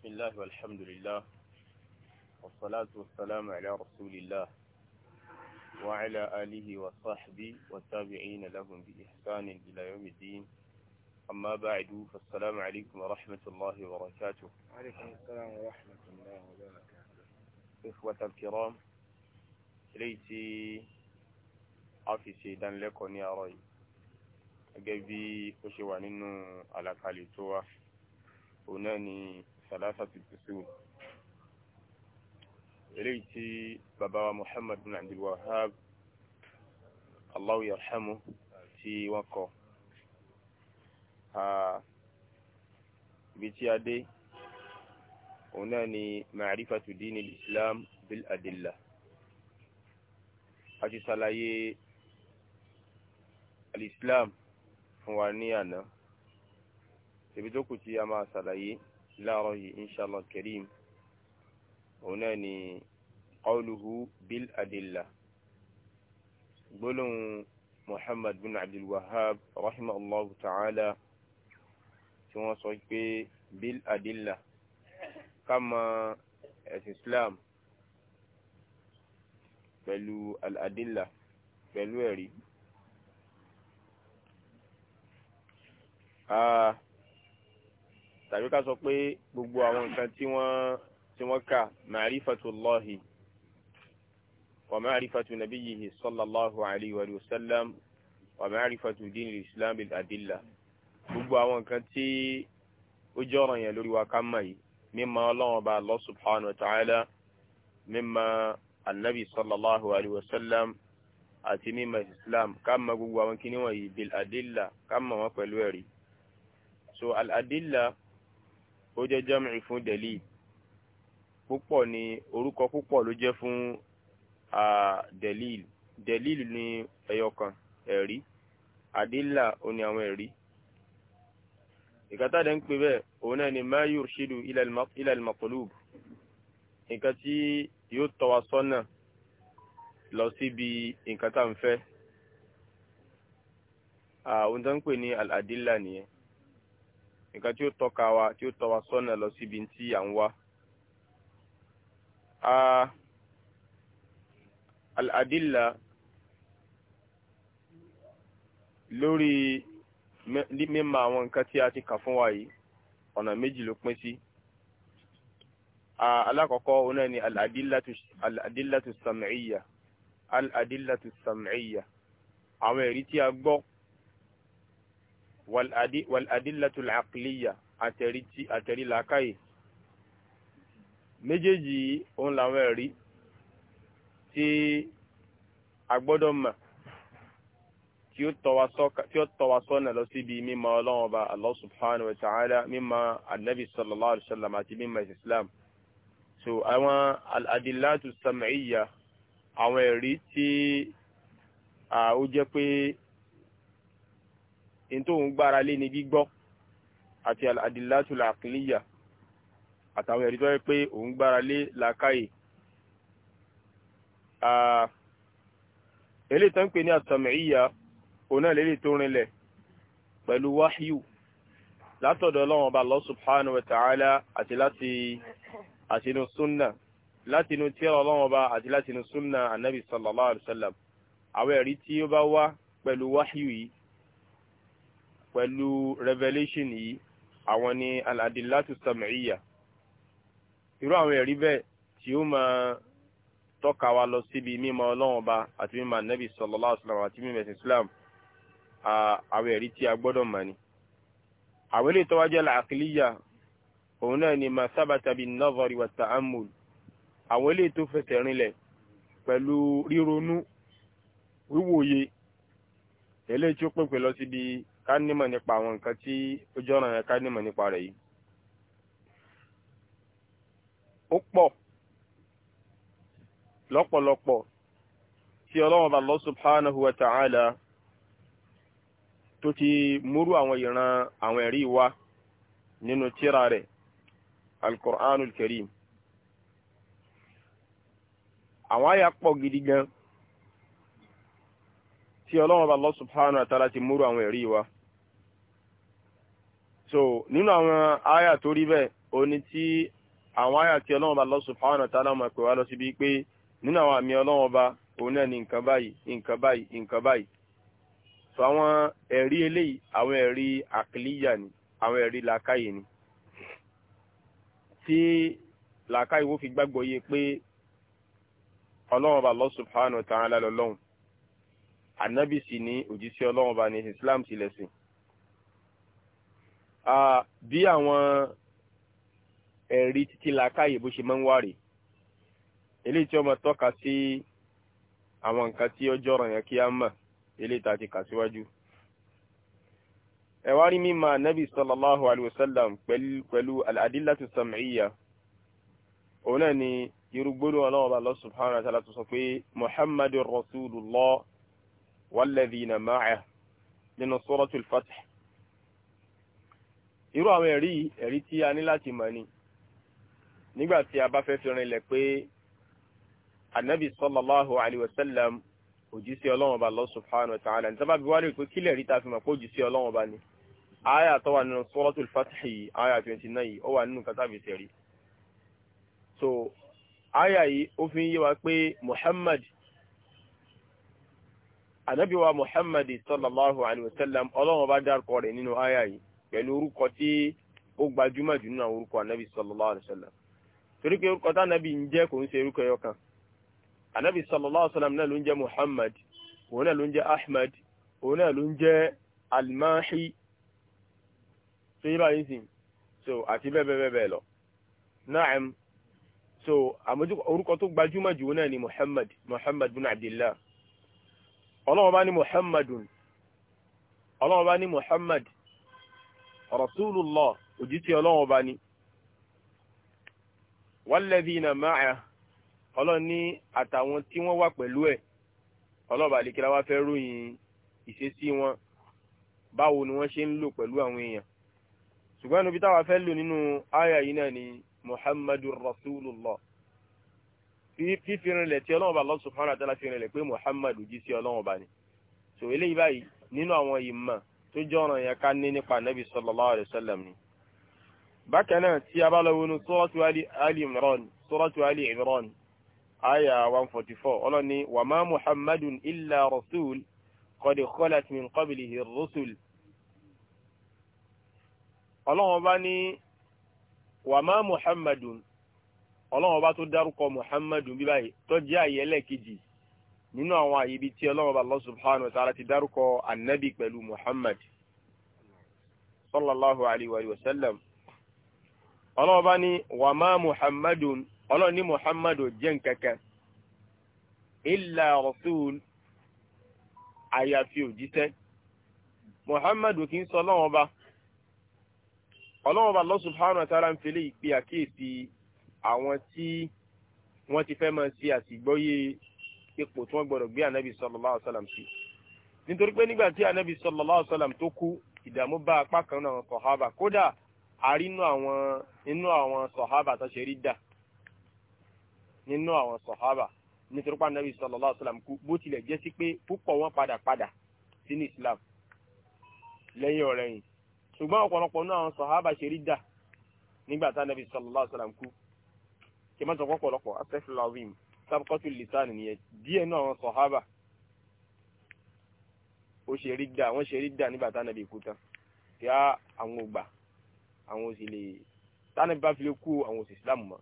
بسم الله والحمد لله والصلاة والسلام على رسول الله وعلى آله وصحبه والتابعين لهم بإحسان إلى يوم الدين أما بعد فالسلام عليكم ورحمة الله وبركاته وعليكم السلام ورحمة الله وبركاته إخوة الكرام ليتي أفي سيدان لكم يا رأي أجابي أشوى على كاليتوه هنا sàlásàtì kùsùn eléyìí tí bàbá wa Muhammad bin Abdul Wahhab Allahu yarhamu tí wọ́n kọ ibi tí a dé òun náà ni ma'rifatu dini islam bil adilla a ti ṣàlàyé al-islam fún wa ní àná ibi tó kù tí a máa ṣàlàyé láàárọ̀ yìí inshallah kareem òun náà ni qawluhu bil adilla gbólóhùn muhammad bin abdul wahab rahimahullahu ta'ala tí wọ́n sọ pé bil adilla ká mọ ẹ̀sìn islam pẹ̀lú al pẹ̀lú ẹ̀rí. Ah, tàbí ká sọ pé gbogbo àwọn nǹkan tí wọ́n tí wọ́n kà ma'rifatullahi wa ma'rifatu nabiyyihi sallallahu alayhi wa sallam wa ma'rifatu dinil islam bil adilla gbogbo àwọn nǹkan tí ó jẹ́ ọ̀ràn yẹn lórí wa ká mọ̀ yìí mímọ̀ Ọlọ́run ọba Allah subhanahu wa ta'ala mímọ̀ annabi sallallahu alayhi wa àti mímọ̀ islam ká mọ̀ gbogbo àwọn kíní bil adilla ká mọ̀ wọn pẹ̀lú ẹ̀rí so al adilla ó jẹ́ jam'i fún delete púpọ̀ ni orúkọ púpọ̀ ló jẹ́ fún delil delil ni ẹyọkan ẹ̀rí adilla ó ní àwọn ẹ̀rí ìkátàdé ń pè bẹ́ẹ̀ òun náà ni ma yurshidu ila al-maqlub nǹkan tí yóò tọ́ wa sọ́nà lọ síbi nǹkan tá ń fẹ́ àwọn tó ń pè ní al nìyẹn nǹkan tí ó tọ́ka wa tí ó tọ́ wa sọ́nà lọ síbi tí à ń wá. al-adilla lórí mímọ àwọn nǹkan tí a ti kà fún wa yìí ọ̀nà méjì ló pín sí. alákọ̀ọ́kọ́ ọ̀nà ni al-adillatu sam'iyya al-adillatu sam'iyya àwọn ẹ̀rí tí a gbọ́ wàládìlẹ́tù àkìlíyà àtẹ̀rí làákàyè méjèèjì òun làwọn ẹ̀rí tí a gbọ́dọ̀ mọ̀ tí ó tọ́ wa sọ́nà lọ síbi mímọ̀ ọlọ́run ọba Allah subhanahu wa ta'ala mímọ̀ annabi sallallahu alaihi wasallam àti mímọ̀ islam so àwọn adìlátù sam'iyya àwọn ẹ̀rí tí ó jẹ́ pé in tó ń gbára lé ní gbígbọ́ àti àdìlátùlà àkìlíyà àtàwọn ẹ̀rí tó yẹ pé òun gbára lé làákàyè eléyìí tó ń pè ní àsàmìíyà òun náà lélẹ̀ tó rinlẹ̀ pẹ̀lú wáhíù látọ̀dọ̀ Ọlọ́run Ọba Allah subhanahu wa ta'ala àti láti àtinú súnnà látinú tírà Ọlọ́run Ọba àti látinú súnnà annabi sallallahu alaihi wasallam àwọn ẹ̀rí tí ó pẹ̀lú revelation yìí àwọn ni aladilatu sam'iyya irú àwọn ẹ̀rí bẹ́ẹ̀ tí ó máa tọ́ka wa lọ síbi mímọ̀ ọlọ́run ọba àti mímọ̀ anabi sallallahu alaihi wasallam àti mímọ̀ ẹ̀sìn islam àwọn ẹ̀rí tí a gbọ́dọ̀ mọ̀ ni àwọn eléyìí tó wá jẹ́ làákìlíyà òun náà ni ma sábàtà bíi nazari wa ta'ammul àwọn eléyìí tó fẹsẹ̀ rinlẹ̀ pẹ̀lú ríronú wíwòye eléyìí tí ó pèpè lọ síbi ká nímọ̀ nípa àwọn nǹkan tí ó jọ́ra yẹn ká nímọ̀ nípa rẹ̀ yìí ó pọ̀ lọ́pọ̀lọpọ̀ tí ọlọ́run Allah wa ta'ala tó ti múrú àwọn ìran àwọn ẹ̀rí wa nínú tírà rẹ̀ alkùránul karim àwọn àyà pọ̀ gidi gan tí ọlọ́run wa ta'ala ti múrú àwọn ẹ̀rí wa. so nínú àwọn àyà tó rí bẹ́ẹ̀ òní tí àwọn àyà tí ọlọ́run ọba Allah subhanahu wa ta'ala máa pè wá lọ síbi pé nínú àwọn àmì ọlọ́run ọba òun náà ni nǹkan báyìí nǹkan báyìí nǹkan báyìí so àwọn ẹ̀rí eléyìí àwọn ẹ̀rí àkìlíyà ni àwọn ẹ̀rí làákàyè ni tí làákàyè wo fi gbàgbọ́ yé pé ọlọ́run ọba Allah subhanahu wa ta'ala lọ́lọ́run ànábì sì ní ọlọ́run ọba ní Islam sì lẹ̀sìn bí àwọn ẹ̀rí títí làákàyè bó ṣe máa ń wáre eléyìí tí ó máa tọ́ka sí àwọn nǹkan tí ọjọ́ ọ̀ràn yẹn kí á mọ̀ eléyìí tá a ti kà síwájú ẹ wá rí mímọ anabi sallallahu alayhi wa sallam pẹ̀lú al-adillatu òun náà ni irúgbónú ọlọ́wọ́ bá lọ subhanahu wa ta'ala sọ pé muhammadu rasulullah walladhina ma'ah nínú suratul fath irú àwọn ẹ̀rí ẹ̀rí tí a ní láti mọ̀ ni nígbà tí a bá fẹ́ fi rinlẹ̀ pé anabi sallallahu alayhi wa sallam òjíṣẹ́ ọlọ́run ọba Allah subhanahu wa ta'ala ní sábà bí wá rí pé kílẹ̀ rí ta fi mọ̀ pé òjíṣẹ́ ọlọ́run ọba ni aya tó wà nínú suratul fatihi aya 29 yìí ó wà nínú kátàbí sẹ̀rí so aya yìí ó fi ń yé wa pé muhammad anabi wa muhammad sallallahu alayhi wa sallam ọlọ́run ọba dárúkọ rẹ̀ nínú aya yìí pẹ̀lú orúkọ tí ó gbajúmọ̀ jù nínú àwọn orúkọ anabi sallallahu alayhi wa sallam torí pé orúkọ tá anabi ń jẹ́ kò ń ṣe orúkọ ẹyọ kan anabi sallallahu alayhi náà ló ń jẹ́ muhammad òun náà ló ń jẹ́ ahmad òun náà ló ń jẹ́ almahi tó yí báyìí sìn so àti bẹ́ẹ̀ bẹ́ẹ̀ bẹ́ẹ̀ lọ naam so àmójú orúkọ tó gbajúmọ̀ jù náà ni muhammad muhammad bin abdillah ọlọ́wọ́ bá ní muhammadun ọlọ́wọ́ bá ní muhammad rasulullah òjíṣẹ́ ọlọ́run ọba ni walladhina ma'a ọlọ́run ní àtàwọn tí wọ́n wà pẹ̀lú ẹ̀ ọlọ́ba àlekèrè wá fẹ́ ròyìn ìṣesí wọn báwo ni wọ́n ṣe ń lò pẹ̀lú àwọn èèyàn ṣùgbọ́n níbi táwa fẹ́ lò nínú àyà yìí náà ni muhammadu rasulullah fífìrin lẹ̀ tí ọlọ́run ọba Allah subhanahu wa ta'ala pé muhammadu jí sí ọlọ́run ọba ni so eléyìí báyìí nínú àwọn ìmọ̀ tó jẹ́ ọ̀ràn yẹn ká ní nípa nabi sallallahu alayhi wa sallam ni. bákan náà tí a bá lọ wọnú suratu ali imran suratu ali imran aya one forty four ọlọ́ni wa ma muhammadun illa rasul nínú àwọn àyíbi tí ọlọ́wọ́ bá Allah subhanahu wa ta'ala ti dárúkọ annabi pẹ̀lú muhammad sallallahu alayhi wa sallam ọlọ́wọ́ bá ní wà má muhammadun ọlọ́wọ́ ní muhammadu jẹ́ nkankan illa rasul àyàfi òjíṣẹ́ muhammadu kì í sọ ọlọ́wọ́ bá ọlọ́wọ́ bá Allah subhanahu wa ta'ala ń fẹ́lẹ́ ìpè àkíyèsí àwọn tí wọ́n ti fẹ́ máa ṣe àsìgbọ́yé ipò tí wọ́n gbọ́dọ̀ gbé anabi sallallahu alaihi wasallam sí nítorí pé nígbà tí anabi sallallahu alaihi wasallam tó kú ìdààmú bá apá kan náà sọhábà kódà àrínú àwọn inú àwọn sọhábà tó ṣe rí dà nínú àwọn sọhábà nítorí pé anabi sallallahu alaihi kú bó tilẹ̀ jẹ́ sí pé púpọ̀ wọn padà padà sínú islam lẹ́yìn ọ̀rẹ́yìn ṣùgbọ́n ọ̀pọ̀lọpọ̀ náà àwọn sọhábà ṣe rí dà nígbà tí anabi sallallahu alaihi kú kí sábkọ́tù lisan nìyẹn díẹ̀ náà àwọn sọ̀hábà ó ṣe rí dà wọ́n ṣe rí dà nígbà tánàbí kú tán kí á àwọn ògbà àwọn òsì lè tánàbí bá fi lè kú àwọn òsì islam mọ́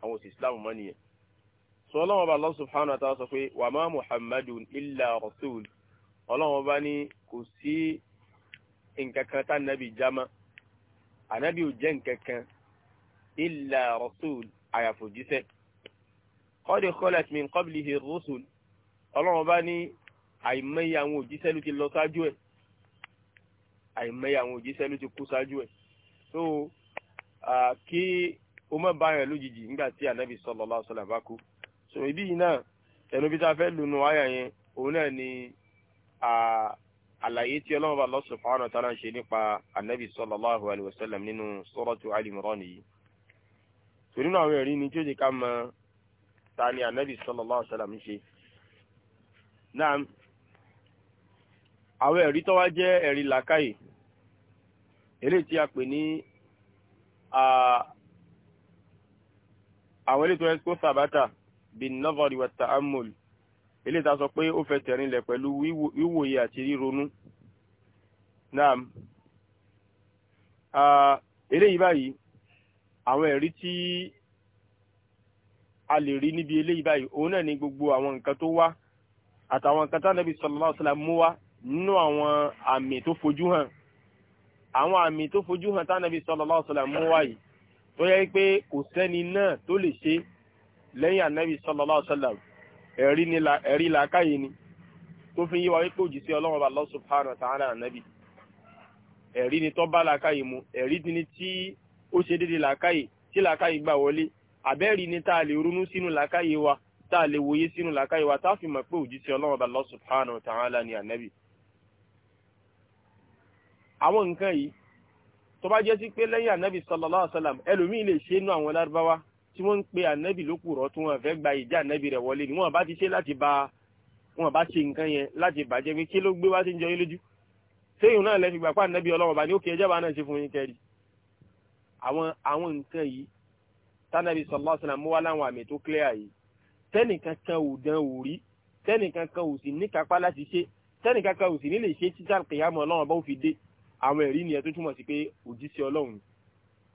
àwọn òsì islam mọ́ nìyẹn sọ ọlọ́wọ́n bá Allah subhanahu wa sọ pé wa ma muhammadun illa rasul ọlọ́wọ́n bá ní kò sí nkankan tánàbí jama ànábì ò jẹ́ nkankan illa rasul àyàfòjíṣẹ́ kọ́dé kọ́lẹ̀tì mi kọ́bìlì hì rọ́sùn ọlọ́run bá ní àìmọye àwọn òjíṣẹ́ ló ti lọ ṣáájú ẹ̀ àìmọye àwọn òjíṣẹ́ ló ti kú ṣáájú ẹ̀ so kí o má bá yàn lójijì nígbà tí ànábì sallallahu alaihi wasallam bá kú so ibi yìí náà ẹnu bí tá a fẹ́ lùnú àyà yẹn òun náà ni àlàyé tí ọlọ́run bá Allah subhanahu wa ta'ala ṣe nípa ànábì sallallahu alaihi wasallam nínú suratu Ali Imran torí náà àwọn ẹ̀rí ni tí ó jẹ́ ká mọ ta ni ànábì sallallahu alaihi wasallam ṣe náà àwọn ẹ̀rí tó wá jẹ́ ẹ̀rí làákàyè eléyìí tí a pè ní àwọn eléyìí tó yẹ kó sàbátà bin nazari wa ta'ammul ilé ta sọ pé ó fẹ́ tẹ̀rinlẹ̀ pẹ̀lú wíwòye àti ríronú náà eléyìí báyìí àwọn ẹ̀rí tí a lè rí níbi eléyìí báyìí òun náà ni gbogbo àwọn nǹkan tó wá àtàwọn nǹkan tá nàbí sallallahu alaihi wasallam mú wá nínú àwọn àmì tó fojú hàn àwọn àmì tó fojú hàn tá nàbí sallallahu alaihi wasallam mú wá yìí tó yẹ pé kò sẹ́ni náà tó lè ṣe lẹ́yìn ànábì sallallahu alaihi wasallam ẹ̀rí làákàyè ni tó fi yí wa wípé òjìṣẹ́ ọlọ́run ọba Allah subhanahu bá làákàyè mu ẹ̀rí ni ó ṣe déédéé làákàyè tí làákàyè gbà wọlé àbẹ́rí ni tá a lè ronú sínú làákàyè wa tá a lè wòye sínú làákàyè wa tá a fi mọ̀ pé òjíṣẹ́ ọlọ́run Allah subhanahu wa ta'ala ni ànábì. àwọn nǹkan yìí tó bá jẹ́ sí pé lẹ́yìn ànábì sallallahu alaihi wasallam ẹlòmíì lè ṣe inú àwọn lárúbáwá tí wọ́n ń pe ànábì lókùrọ̀ tí wọ́n fẹ́ gba ìjà ànábì rẹ̀ wọlé ni wọ́n bá ti ṣe láti ba wọn bá ṣe nǹkan yẹn láti bàjẹ́ pé kí ló gbé wá sí ń jọ yín lójú séyìn náà lẹ́ fi gbà pé ànábì ọlọ́run bá ní ó kí náà ṣe fún yín kẹrì àwọn àwọn nǹkan yìí tánàbí sallallahu alaihi wasallam mú wá láwọn àmì tó clear yìí tẹ́nìkan kan ò dán ò rí tẹ́nìkan kan ò sì ní kápá láti ṣe tẹ́nìkan kan ò sì ní lè ṣe títà kìyàmọ̀ ọlọ́run bá ó fi dé àwọn ẹ̀rí nìyẹn tó túmọ̀ sí pé òjíṣẹ́ ọlọ́run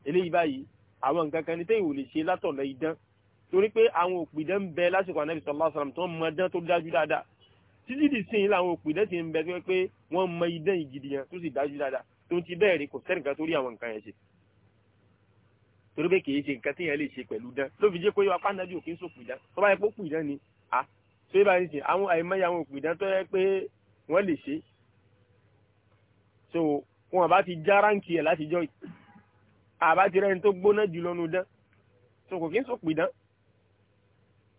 eléyìí báyìí àwọn nǹkan kan ní tẹ́yìn ò lè ṣe látọ̀lọ́ idán torí pé àwọn òpìdán ń bẹ lásìkò ànábì sallallahu alaihi wasallam tó mọ idán tó dájú dáadáa títí di sin làwọn òpìdán ti ń bẹ tó yẹ pé wọ́n mọ idán ìgidì tó sì dájú dáadáa tó ti bẹ́ẹ̀ rí kò sẹ́nìkan tó àwọn nǹkan yẹn ṣe torí pé kì í ṣe nǹkan téèyàn lè ṣe pẹ̀lú dán ló fi jẹ́ pé wá pàǹdàbí òkè ń sòkù ìdán tó bá yẹ pé ó kù ìdán ni à tó yẹ bá ń ṣe àwọn àìmọye àwọn òkù ìdán tó yẹ pé wọ́n lè ṣe so wọn bá ti já ráǹkì ẹ̀ láti jọ yìí àbá ti rẹni tó gbóná jù lọ́nu dán so kò kí ń sòkù ìdán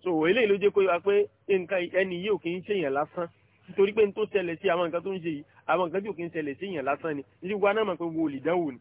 so eléyìí ló jẹ́ pé wá pé nǹkan ẹni yìí ò kì í ṣèyàn lásán nítorí pé n tó ṣẹlẹ̀ sí àwọn nǹkan tó ń ṣe yìí àwọn nǹkan tí ò kì í ṣẹlẹ̀ sí èèyàn lásán ni nítorí wọn náà mọ̀ pé wo olùdánwò ni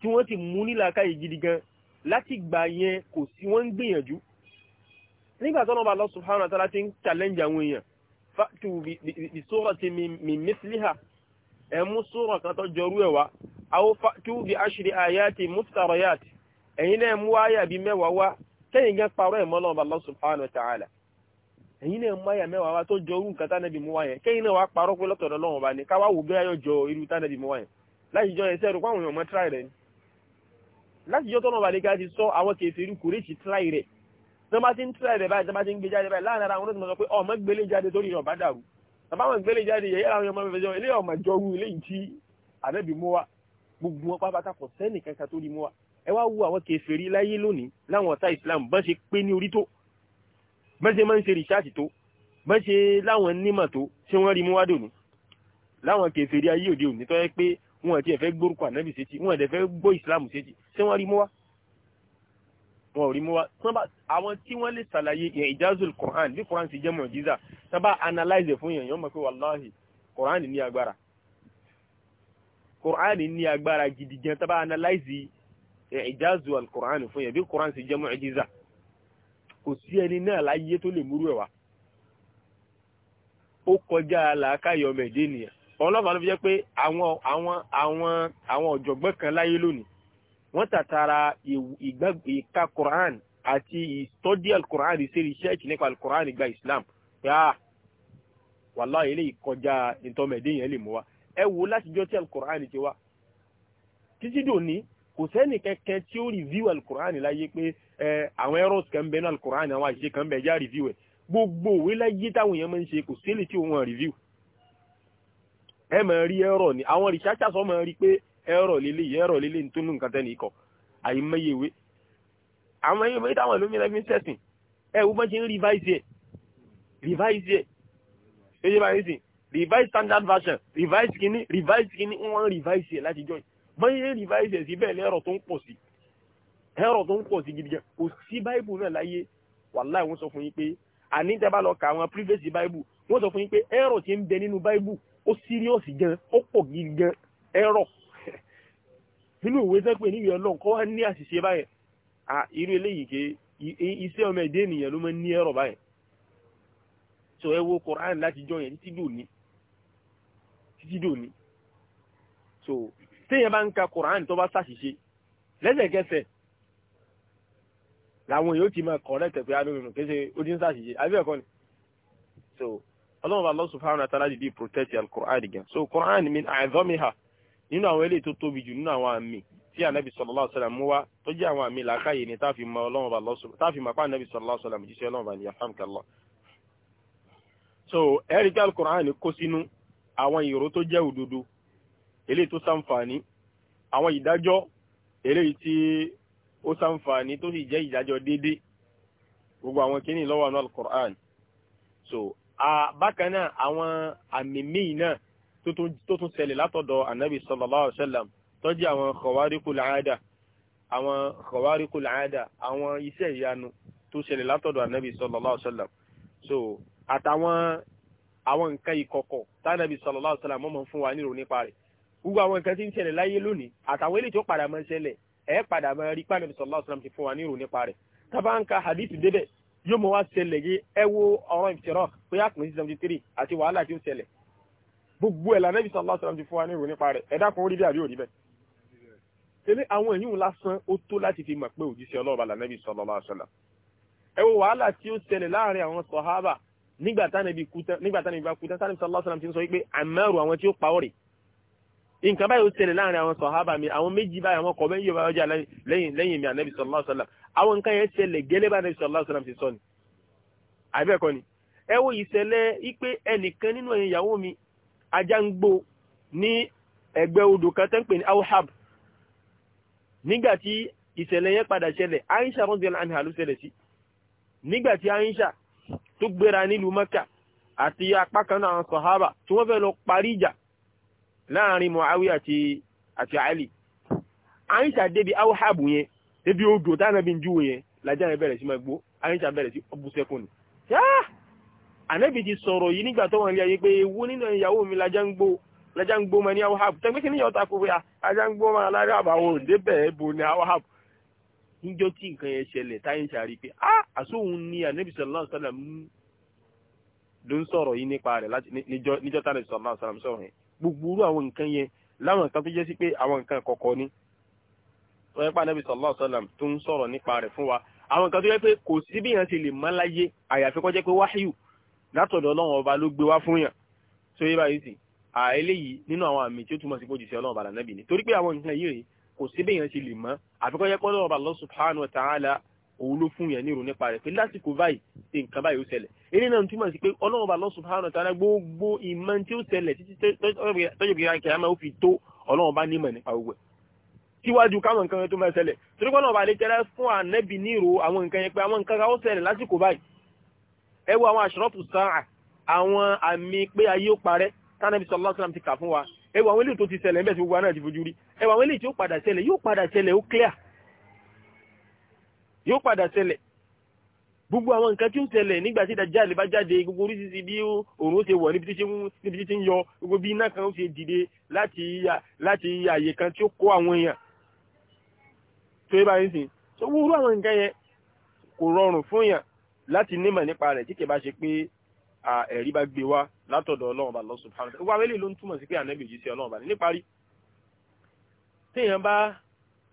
tí wọ́n ti mú nílàáká yìí gidi gan láti gbà yẹn kò sí wọ́n ń gbìyànjú nígbà tó lọ́ba Allah subhanahu wa ta'ala ti ń challenge àwọn èèyàn fatu bi surati min misliha ẹ̀ mú sura kan tó jọrú ẹ̀ wá aw fatu bi ashri ayati muftariyat ẹ̀yin náà mú àyà bíi mẹ́wàá wá kẹ́yìn gan parọ́ ẹ̀ mọ́ lọ́ba Allah subhanahu wa ta'ala náà mú àyà mẹ́wàá wá tó jọrú nǹkan tánàbí mú wá kẹ́yìn náà wá parọ́ pé lọ́wọ́ bá ní káwá wò bẹ́ẹ̀ yọ jọ irú tánàbí mú wá láyìí jọ ẹsẹ̀ rò pé èèyàn mọ́ tíráì rẹ̀ ni láti jọ́ tọ́nà balẹ̀ káàdì sọ àwọn kèfèrí kùrẹ́ẹ̀tì tíráì rẹ̀ tó bá ti ń tíráì rẹ̀ báyìí tó bá ti ń gbé jáde báyìí láàrin ara wọn tó sọ pé ọmọ gbélé jáde torí ọba dàrú bàbá wọn gbélé jáde yẹ̀yẹ́ ara wọn ọmọ fẹ́ jọ ilé ọmọ jọrú ilé yìí tí àdẹ́bì mú wa gbogbo wọn pápátá kò sẹ́nì kankan Islam bọ́n ṣe pé ní orí tó bọ́n ṣe máa ń ṣe rìṣáàtì tó bọ́n ṣe láwọn nímọ̀ tó ṣé wọ́n rí mú wa láwọn kèfèrí ayé òde òní tó yẹ pé wọn ti ẹ̀fẹ́ gbórúkọ ànábì sétí wọn ẹ̀dẹ̀ fẹ́ gbọ́ ìsìláàmù sétí ṣé wọ́n rí mú wá wọn ò rí mú wá àwọn tí wọ́n lè ṣàlàyé yẹn ìjázùl Quran bí Quran ti jẹ́ mọ̀jíza tán bá analyze fún yẹn yọ́n mọ̀ pé wàláhì Quran ní agbára Quran ní agbára gidi gan tán bá analyze yẹn eh, ìjázùl Quran fún yẹn bí Quran ti jẹ́ mọ̀jíza kò sí ẹni náà láyé tó lè múrú ẹ̀ wá ó kọjá làákàyọ̀ mẹ̀dẹ́nìyàn ọlọ́pàá ló fi jẹ́ pé àwọn àwọn àwọn àwọn ọ̀jọ̀gbọ́n kan láyé lónìí wọ́n tàtàrà ìka Quran àti ìtọ́jú al-Quran ṣe research nípa al-Quran Islam pé ah wàláhì eléyìí kọjá ìtọ́mẹ̀dé yẹn lè mú wa ẹ wo látijọ́ tí al-Quran ti wá títí dòní kò sẹ́ni kẹ́kẹ́ tí ó review al-Quran láyé pé àwọn errors kan bẹ ní al àwọn àṣìṣe kan bẹ já review ẹ̀ gbogbo òwe láyé táwọn èèyàn máa ń ṣe kò sí tí òun review ẹ máa rí ẹ̀rọ ni àwọn researchers ọ máa rí pé ẹ̀rọ líle yìí ẹ̀rọ líle ní tó nù nǹkan tẹ́lẹ̀ ikọ̀ àìmọye ìwé àwọn ẹ̀yìn ìwé táwọn ìlúmi lẹ́gbẹ́ sẹ́sìn ẹ wo bọ́n ń revise ẹ̀ revise ẹ̀ ṣe ṣe báyìí sìn revise standard version revise kìíní revise kìíní wọ́n revise ẹ̀ láti join bọ́n ṣe revise ẹ̀ sí bẹ́ẹ̀ lẹ́rọ̀ tó ń pọ̀ sí ẹ̀rọ tó ń pọ̀ sí gidi gan kò sí báìbù náà láyé wàláì wọ́n sọ fún yín pé àní tẹ́ bá lọ ka àwọn previous báìbù wọ́n sọ fún yín pé ẹ̀rọ ti ń bẹ nínú báìbù ó síríọ̀sì gan ó pọ̀ gidi gan ẹ̀rọ nínú ìwé tẹ́ pé níwèé ọlọ́run kọ́ wá ní àṣìṣe báyẹn à irú eléyìí ké iṣẹ́ ọmọ ẹ̀dẹ́ ènìyàn ló máa ń ní ẹ̀rọ báyẹn so ẹ wo Quran láti jọ yẹn títí dòní títí dòní so téèyàn bá ń ka Quran tó bá ṣàṣìṣe lẹ́sẹ̀kẹsẹ̀ làwọn yóò ti máa kọ̀ rẹ̀ tẹ̀pẹ́ alóminú kése ó ti ń ṣàṣìṣe àbí ẹ̀kọ́ ni so ọlọ́run bá Allah subhanahu wa ta'ala dìde protect al-Qur'an again. so Qur'an min a'zamiha nínú àwọn eléyìí tó tóbi jù nínú àwọn àmì tí ànábì sallallahu alaihi wasallam mú wá tó jẹ́ àwọn àmì làákàyè ni táàfi mọ ọlọ́run bá Allah táàfi mọ apá ànábì sallallahu alaihi wasallam jíṣẹ́ ọlọ́run bá ní yàtàmkàlọ́ so ẹ̀rí tí al-Qur'an kó sínú àwọn ìró tó jẹ́ òdodo eléyìí tó sàǹfààní àwọn ìdájọ́ eléyìí tí ó sàǹfààní tó sì jẹ́ ìdájọ́ déédéé gbogbo àwọn kìíní ló wà al-Qur'an so bákan náà àwọn àmì míì náà tó tún ṣẹlẹ̀ látọ̀dọ̀ ànábì sallallahu alaihi wasallam tó jẹ́ àwọn khawarikul aada àwọn khawarikul aada àwọn iṣẹ́ ìyanu tó ṣẹlẹ̀ látọ̀dọ̀ ànábì sallallahu alaihi so àtàwọn àwọn nǹkan ìkọ̀kọ̀ tánàbì sallallahu alaihi wasallam mọ́ fún wa nírò nípa rẹ̀ gbogbo àwọn nǹkan tí ń ṣẹlẹ̀ láyé lónìí àtàwọn eléyìí tó padà máa ṣẹlẹ̀ ẹ̀ padà máa rí pàdánù sallallahu alaihi wasallam ti fún wa nírò nípa yóò mọ̀ wá ṣẹlẹ̀ yé ẹ wo ọ̀rọ̀ ìfìrọ̀ bóyá kùn sí seventy three àti wàhálà tí ó ṣẹlẹ̀ gbogbo ẹ̀ lànà ìbísọ̀ lọ́sọ̀rọ̀ ti fún wa ní ìròyìn nípa rẹ̀ ẹ̀dá kan ó rí bí àbí òrí bẹ́ẹ̀. ilé àwọn èyí lásán ó tó láti fi mọ̀ pé òjíṣẹ́ ọlọ́ọ̀bà lànà ìbísọ̀ lọ́sọ̀lá ẹ wo wàhálà tí ó ṣẹlẹ̀ láàrin àwọn sọ̀hábà nígbà tánàbí bá kú tán sálẹ̀ sọ́lọ́sọ̀lá ti ń sọ wípé àmẹ́rù àwọn tí ó pa ọ̀rẹ́ nǹkan báyìí ó ṣẹlẹ̀ láàrin àwọn sọ̀hábà mi àwọn méjì báyìí àwọn kọ̀ọ̀bẹ́ yóò bá ọjà lẹ́yìn mi ànẹ́bí sọ̀lọ́sọ̀lá àwọn nǹkan yẹn ṣẹlẹ̀ gẹ́lẹ́ bá nẹ́bí sallallahu alaihi wasallam sọ ni àbẹ́ẹ̀kọ́ ni ẹ wo ìṣẹ̀lẹ̀ ipe ẹnìkan nínú ẹ̀yìn ìyàwó mi ajá ń gbó ní ẹgbẹ́ odò kan tẹ́ ń pè ní awhab nígbà tí ìṣẹ̀lẹ̀ yẹn padà ṣẹlẹ̀ Aisha radhiyallahu anha ló ṣẹlẹ̀ sí nígbà tí Aisha tó gbéra nílùú Mẹ́kà àti apá kan náà sọ̀hábà tí wọ́n fẹ́ lọ parí ìjà láàrin Muawiya àti àti Ali Aisha débi awhab yẹn débi odò táwọn ẹbí ń júwe yẹn làjà yẹn bẹ̀rẹ̀ sí máa gbó àyíṣà bẹ̀rẹ̀ sí ọbú sẹ́kùn ni. ànẹ́bì ti sọ̀rọ̀ yìí nígbà tó wọn rí ayé pé ewu nínú ìyàwó mi làjà ń gbó làjà ń gbó mọ ní awahab tẹ́gbẹ́ kí níyàwó ta kó pé àjà ń gbó mọ alárí àbáwọ̀ òǹdébẹ̀ bo ní awahab. níjọ́ tí nǹkan yẹn ṣẹlẹ̀ táyíṣà rí pé àsóhun ni ànẹ́bì sallallahu alaihi wasallam ló ń sọ̀rọ̀ yìí nípa rẹ̀ níjọ́ tánàbì sallallahu alaihi wasallam sọ̀rọ̀ yẹn gbogbo irú àwọn nǹkan yẹn láwọn nǹkan tó jẹ́ sí pé àwọn nǹkan ni tó yẹ pé anabi sallallahu alaihi wasallam tó ń sọ̀rọ̀ nípa rẹ̀ fún wa àwọn nǹkan tó yẹ pé kò sí bí yẹn ti lè mọ̀ láyé àyàfi kó jẹ́ pé wáhíù látọ̀dọ̀ ọlọ́run ọba ló gbé wá fún yàn tó yẹ báyìí sì àìléyìí nínú àwọn àmì tí ó túmọ̀ sí pé òjìṣẹ́ ọlọ́run ọba lànàbì ni torí pé àwọn nǹkan yìí rèé kò sí bí yẹn ti lè mọ̀ àfi kó jẹ́ pé ọlọ́run ọba subhanahu wa ta'ala òun ló fún yẹn ní ìrò nípa rẹ̀ pé lásìkò báyìí tí nǹkan báyìí ó ṣẹlẹ̀ eré náà túmọ̀ sí pé ọlọ́run bá lọ subhanahu wa ta'ala gbogbo ìmọ̀ tí ó ṣẹlẹ̀ títí tọ́jú kìí kìí àmọ́ ó fi tó ọlọ́run bá nímọ̀ nípa gbogbo ẹ̀ síwájú káwọn nǹkan yẹn tó máa ṣẹlẹ̀ torí pọ́nà ọba àlékẹ́lẹ́ fún ànẹ́bì nírò àwọn nǹkan yẹn pé àwọn nǹkan kan ó ṣẹlẹ̀ lásìkò báyìí ẹ wo àwọn àṣírọ́pù sáà àwọn àmì pé ayé ó parẹ́ tánàbí sallallahu ti kà fún wa ẹ wo àwọn eléyìí tó ti ṣẹlẹ̀ ńbẹ̀ tí gbogbo náà ti fojú rí ẹ wo àwọn eléyìí tí ó padà ṣẹlẹ̀ yóò padà ṣẹlẹ̀ ó clear yóò padà ṣẹlẹ̀ gbogbo àwọn nǹkan tí ó ṣẹlẹ̀ nígbà tí Dájjàl bá jáde gbogbo oríṣiríṣi bí òòrùn ṣe wọ̀ níbi tí ń yọ gbogbo bí iná kan ó ṣe dìde láti àyè kan tí ó kó àwọn èèyàn tó yẹ báyìí sìn so wúrú àwọn nǹkan yẹn kò rọrùn fún yàn láti nímọ̀ nípa rẹ̀ tí kìí bá ṣe pé ẹ̀rí bá gbé wá látọ̀dọ̀ ọlọ́run bá lọ́sùn fún àwọn àwọn ló ń túmọ̀ sí pé ànábì yìí sí ọlọ́run bá ní níparí téèyàn bá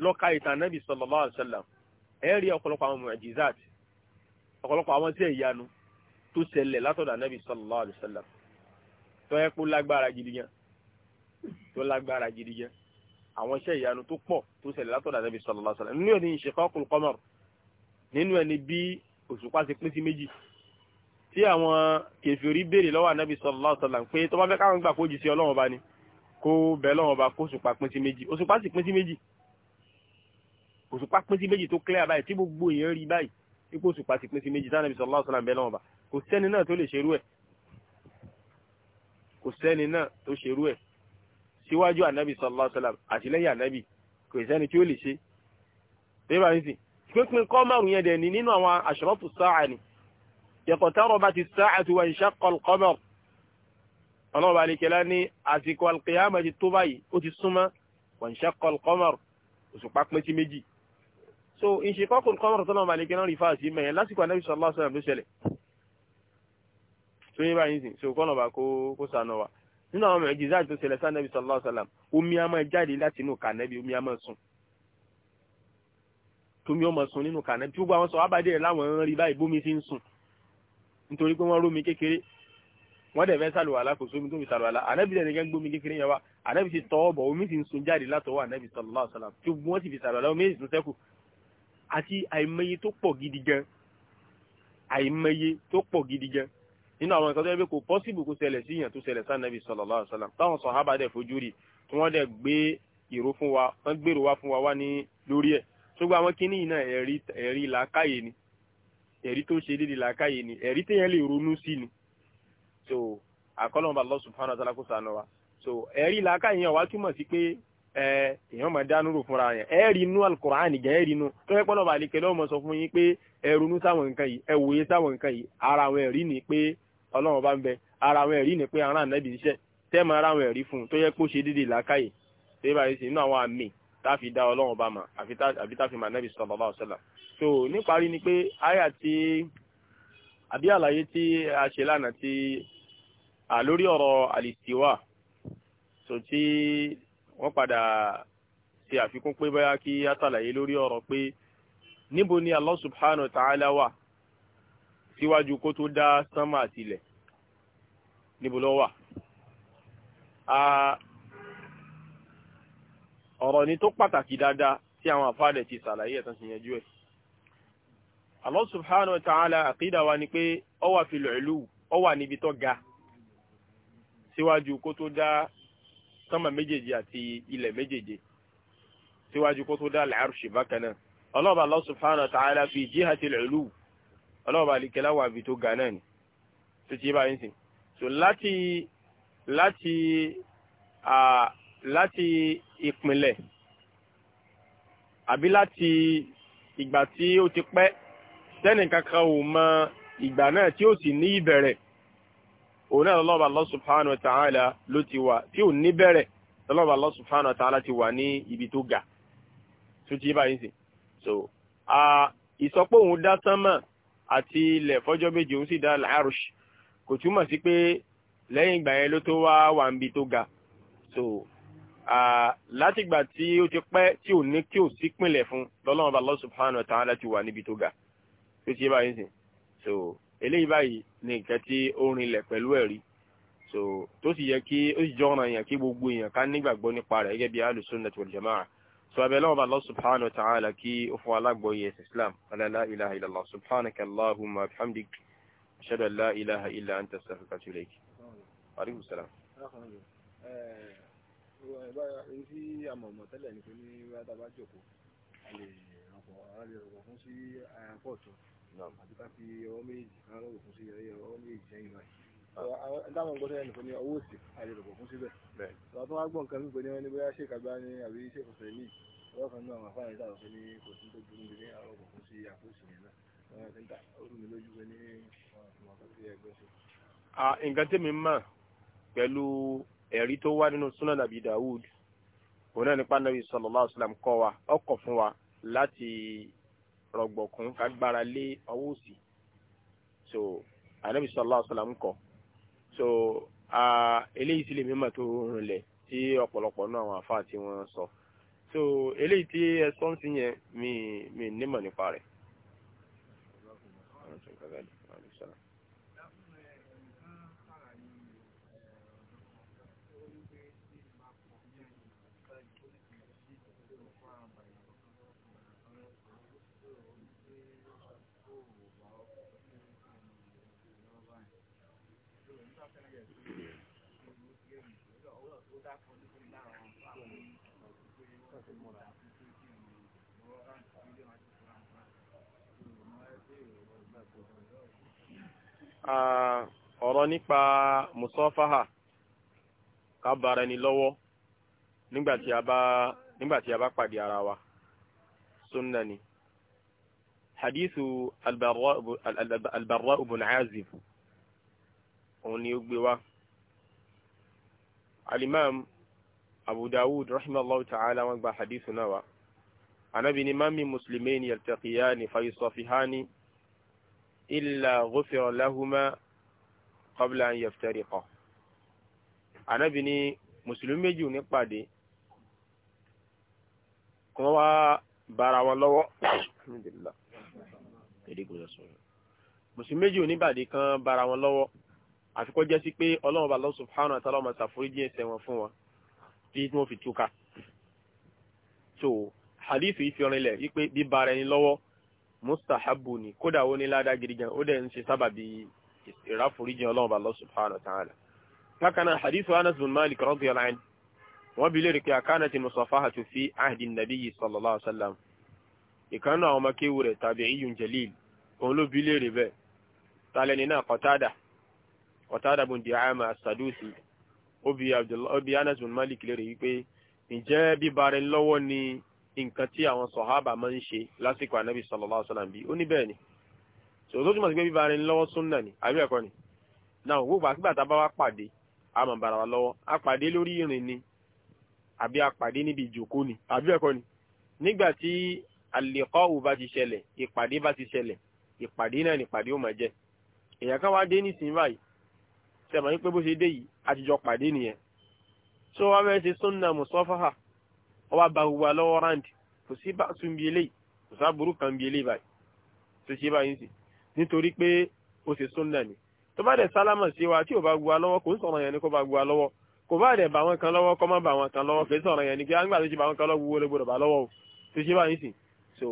lọ ka ìtàn ànábì sallallahu alaihi wasallam ẹ rí ọ̀pọ̀lọpọ̀ àwọn mu'jizat ọ̀pọ̀lọpọ̀ àwọn tí ẹ̀ yanu tó ṣẹlẹ̀ látọ̀dọ̀ ànábì sallallahu alaihi wasallam tó yẹ kó lágbára gidi gan tó lágbára gidi àwọn iṣẹ́ ìyanu tó pọ̀ tó ṣẹlẹ̀ látọ̀dọ̀ Ànábì sallallahu alaihi wasallam nínú ẹni inshiqaqul qamar nínú ẹni bí òṣùpá ti pín sí méjì tí àwọn kèfèrí béèrè lọ́wọ́ Ànábì sallallahu alaihi wasallam pé tó bá fẹ́ káwọn gbà kó jì sí Ọlọ́run bá ni kó bẹ̀ Ọlọ́run bá kó òṣùpá pín sí méjì òṣùpá sì pín sí méjì òṣùpá pín sí méjì tó clear báyìí tí gbogbo èèyàn rí báyìí ipò òṣùpá sì pín sí méjì tí Ànábì sallallahu alaihi wasallam bẹ̀ Ọlọ́run bá kò sẹ́ni náà tó lè ṣerú ẹ̀ kò sẹ́ni náà tó ṣerú ẹ̀ síwájú ànábì sallallahu alaihi wasallam àti lẹ́yìn ànábì kò sẹ́ni tí ó lè ṣe tẹ́bà ní sí pínpín kọ́mọ̀rù yẹn dẹ̀ ní nínú àwọn àṣírọ́pù sáà ni iqtarabati as-sa'atu wa inshaqa al-qamar ọlọ́ọ̀bà alikẹ́lá ní àsìkò alqiyama ti tó báyìí ó ti súnmọ́ wa inshaqa al-qamar òṣùpá pín sí méjì so inshaqa al-qamar tọ́lọ́ọ̀bà alikẹ́lá rí fáà sí mẹ́yẹn lásìkò ànábì sallallahu alaihi wasallam ló ṣẹlẹ̀ tó yẹ báyìí sí so kọ́nà bá kó sànù wa nínú àwọn mẹjìzá tó ṣẹlẹ̀ sí anabi sallallahu alaihi wasallam omi a máa jáde láti inú kànẹbi omi a máa sùn tómi ọmọ sùn nínú kànẹbi tí gbogbo àwọn sọ abáde rẹ láwọn rí báyìí bómi ti ń sùn nítorí pé wọn rómi kékeré wọn dẹ̀ fẹ́ sàlùwàlá kò sómi tó fi sàlùwàlá anabi dẹ̀ nìkan gbómi kékeré yẹn wa anabi ti tọ́ ọ̀bọ̀ omi ti ń sun jáde látọwọ́ anabi sallallahu alaihi wasallam tí sì fi sàlùwàlá omi èsì tún sẹ́kù àti nínú àwọn nǹkan tó yẹ pé kò pọ́síbù kó ṣẹlẹ̀ sí yàn tó ṣẹlẹ̀ sí ànábì sallallahu alaihi wasallam táwọn sàhábà dẹ̀ fojú rí tí wọ́n dẹ̀ gbé ìró fún wa wọ́n gbèrò wá fún wa wá ní lórí ẹ̀ ṣùgbọ́n àwọn kíní yìí náà ẹ̀rí ẹ̀rí làákàyè ni ẹ̀rí tó ṣe déédéé làákàyè ni ẹ̀rí téèyàn lè ronú sí ni so àkọlọ́mọba Allah subhanahu wa ta'ala kó ṣàánú wa so ẹ̀rí làákàyè yẹn wá túmọ̀ sí pé èèyàn máa dánú rò fúnra yẹn ẹ rí inú alukur'an nìkan ẹ rí inú tó yẹ pọlọ bàálí kẹlẹ ọmọ sọ fún yín pé ẹ ronú sáwọn nǹkan yìí ẹ wòye sáwọn nǹkan yìí ara àwọn ẹ̀rí ni pé ọlọ́run bá ń bẹ ara àwọn ẹ̀rí ni pé ara ànábì iṣẹ́ tẹ́ẹ̀mọ ara àwọn ẹ̀rí fún un tó yẹ kó ṣe déédéé làákàyè tó yẹ báyìí sí inú àwọn àmì tá dá ọlọ́run bá mà àfi tá mà ànábì sallallahu alaihi wasallam so níparí ni pé àyà tí àbí àlàyé tí a ṣe lánàá tí à lórí ọ̀rọ̀ àlìsíwà so tí wọ́n padà ṣe àfikún pé bóyá kí á ṣàlàyé lórí ọ̀rọ̀ pé níbo ni Allah subhanahu wa ta'ala wà síwájú kó tó dá sánmà àtilẹ̀ níbo ló wà ọ̀rọ̀ ni tó pàtàkì dáadáa tí àwọn àfáàdẹ̀ ti sàlàyé ẹ̀tàn sí yẹjú ẹ̀ Allah subhanahu wa ta'ala àkídà wa ni pé ó wà fil ulu ó wà níbi tó ga síwájú kó tó dá sánmà méjèèje àti ilẹ̀ méjèèje síwájú kó tó dá al-arshi bákan náà ọlọ́ọ̀bà Allah fi jihatil so láti láti à láti ìpìnlẹ̀ àbí láti ìgbà tí ó ti pẹ́ tẹ́nìkankan ò mọ ìgbà náà tí ó sì ní ìbẹ̀rẹ̀ òun náà lọ́lọ́ba Allah subhanahu wa ta'ala ló ti wà tí ò ní bẹ̀rẹ̀ lọ́lọ́ba Allah subhanahu wa ta'ala ti wà ní ibi tó ga tó ti báyìí sí so ìsọpọ̀ òun dá sánmà àti ilẹ̀ fọ́jọ́ méje òun sì dá al kò túmọ̀ sí pé lẹ́yìn ìgbà yẹn ló tó wá wà níbi tó ga so látìgbà tí ó ti pẹ́ tí ò ní kí ò sí pínlẹ̀ fún lọ́lọ́run bá Allah subhanahu wa ta'ala ti wà níbi tó ga tó ti yé báyìí sìn so eléyìí báyìí ni nǹkan tí ó rinlẹ̀ pẹ̀lú ẹ̀rí so tó sì yẹ kí ó sì jọ́ra èèyàn kí gbogbo èèyàn ká nígbàgbọ́ nípa rẹ̀ gẹ́gẹ́ bí ahlus sunnah wal so abẹ́ lọ́wọ́ bá Allah subhanahu wa ta'ala kí ó fún alágbọ̀ọ́yẹ islam alala ilaha illallah subhanaka allahumma bihamdik ṣẹ́dọ̀ la ilaha illa anta astaghfiruka ilayki alaikum salam tí a mọ̀ mọ̀ tẹ́lẹ̀ ní pé ní rádà bá jòkó a lè rọ̀pọ̀ fún sí àyàpọ̀tọ̀ àti ká fi ọwọ́ méjì kan rọ̀pọ̀ fún sí ọwọ́ méjì sẹ́yìn báyìí dáwọn gbọ́dọ̀ ẹnìkan ní owó òsì àìrọ̀pọ̀ fún síbẹ̀ tó wá gbọ́ nǹkan wípé ní wọ́n ní bóyá ṣe kàgbá ní àbí ṣe kò sẹ́yìn ọwọ́ kan náà àwọn afáàyè tààrọ̀ fún ní Ah, nǹkan tẹ́mi mọ̀ pẹ̀lú ẹ̀rí tó wá nínú súnà nàbí Dawud òun náà nípa nàbí sallallahu alaihi wasallam kọ́ wa ọkọ̀ fún wa láti rọgbọ̀kún ká gbára lé ọwọ́ òsì so ànábì sallallahu alaihi wasallam kọ́ so eléyìí sì lè mímọ̀ tó rinlẹ̀ tí ọ̀pọ̀lọpọ̀ náà àwọn àfáà tí wọ́n sọ so eléyìí tí ẹ sọ́ǹsì yẹn mi mi nímọ̀ nípa rẹ̀. ọ̀rọ̀ nípa musafaha ká bára ẹni lọ́wọ́ nígbàtí a bá nígbàtí a bá pàdé ara wa sunna ni hadithu albarra ibn azib òun ni ó gbé wá alimam abu dawud rahimallahu ta'ala wọn gba hadithu náà wa anabi ni mami muslimin yaltaqiyani fayusafihani illa ghufira lahuma qabla an yaftariqa anabi ni mùsùlùmí méjì ò ní pàdé kí wọ́n wá bára wọn lọ́wọ́ mùsùlùmí méjì ò ní pàdé kan bára wọn lọ́wọ́ àfi kó jẹ́ sí pé ọlọ́run bá Allah subhanahu wa ta'ala máa ṣàforíjì ẹ̀ṣẹ̀ wọn fún wọn tí wọ́n fi túká so hadith yìí fi ọrin lẹ̀ wípé bíbára ẹni lọ́wọ́ mustahabu ni kódà ó ní ládàá gidi gan ó dẹ̀ ń ṣe sábàbí ìráforíjìn ọlọ́run bá Allah subhanahu wa ta'ala. bákan náà hadith anas bin malik radiyallahu anhu wọ́n bi léèrè pé àkánàtì musafahatu fi ahdi nabiyyi sallallahu alaihi wa sallam ìkan náà ọmọ kéwù rẹ̀ tabi'iyun jalil òun ló bi léèrè bẹ́ẹ̀ tàlẹ́ni náà Qatada Qatada bin Di'ama as-Sadusi ó bi Anas bin Malik léèrè wípé ǹjẹ́ bíbá lọ́wọ́ ni nǹkan tí àwọn sọ̀hábà máa ń ṣe lásìkò ànábì sallallahu alaihi wasallam bí ó ní bẹ́ẹ̀ ni sọ tó túmọ̀ sí pé bíbá ara ẹni lọ́wọ́ súnnà ni àbí ẹ̀kọ́ ni náà gbogbo àkígbà tá a bá wá pàdé a máa bára wa lọ́wọ́ a pàdé lórí ìrìn ni àbí a pàdé níbi ìjòkó ni àbí ẹ̀kọ́ ni nígbà tí al-liqa'u bá ti ṣẹlẹ̀ ìpàdé bá ti ṣẹlẹ̀ ìpàdé náà nípàdé ó máa jẹ́ fẹ́ ṣe súnnà mùsọ́fáhà ọba ba gbogbo alọ́wọ́ rántí kò sí bá sun bí eléyìí kò sáburú kan bí eléyìí báyìí tó ṣe báyìí sí nítorí pé ó ṣe sunna ni tó bá dẹ̀ sálámà sí wa tí ò bá gbogbo alọ́wọ́ kò ń sọ̀rọ̀ yẹn ni kò bá gbogbo alọ́wọ́ kò bá dẹ̀ bá wọn kan lọ́wọ́ kọ́ má bá wọn kan lọ́wọ́ kì í sọ̀rọ̀ yẹn ni kí á gbà tó ṣe bá kan lọ́wọ́ wọlé gbọdọ̀ bá lọ́wọ́ tó ṣe báyìí sí so